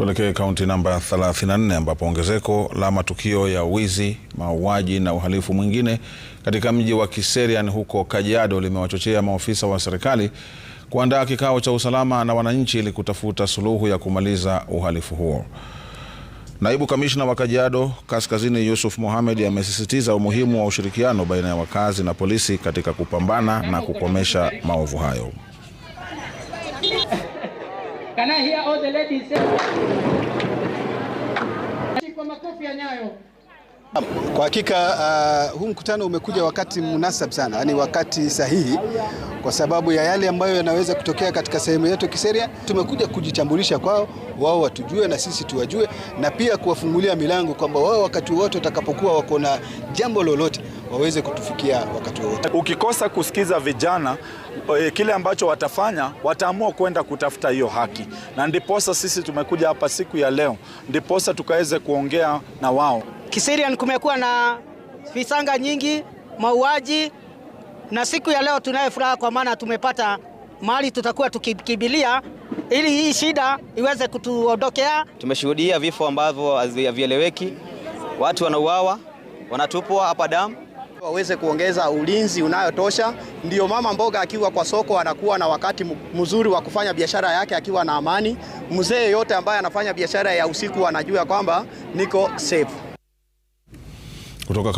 Tuelekee kaunti namba 34 ambapo ongezeko la matukio ya wizi, mauaji na uhalifu mwingine katika mji wa Kiserian huko Kajiado limewachochea maofisa wa serikali kuandaa kikao cha usalama na wananchi ili kutafuta suluhu ya kumaliza uhalifu huo. Naibu kamishna wa Kajiado Kaskazini Yusuf Mohamed amesisitiza umuhimu wa ushirikiano baina ya wakazi na polisi katika kupambana na kukomesha maovu hayo. Can I hear all the ladies say? Kwa makofi ya nyayo. Kwa hakika uh, huu mkutano umekuja wakati munasab sana, yani wakati sahihi, kwa sababu ya yale ambayo yanaweza kutokea katika sehemu yetu Kiseria. Tumekuja kujitambulisha kwao, wao watujue na sisi tuwajue, na pia kuwafungulia milango kwamba wao wakati wote watakapokuwa wako na jambo lolote waweze kutufikia wakati wowote. Ukikosa kusikiza vijana e, kile ambacho watafanya wataamua kwenda kutafuta hiyo haki, na ndiposa sisi tumekuja hapa siku ya leo, ndiposa tukaweze kuongea na wao. Kiserian kumekuwa na visanga nyingi, mauaji, na siku ya leo tunayo furaha kwa maana tumepata mahali tutakuwa tukikibilia ili hii shida iweze kutuondokea. Tumeshuhudia vifo ambavyo havieleweki, watu wanauawa, wanatupwa hapa damu waweze kuongeza ulinzi unayotosha, ndiyo mama mboga akiwa kwa soko anakuwa na wakati mzuri wa kufanya biashara yake akiwa na amani. Mzee yeyote ambaye anafanya biashara ya usiku anajua kwamba niko safe kutoka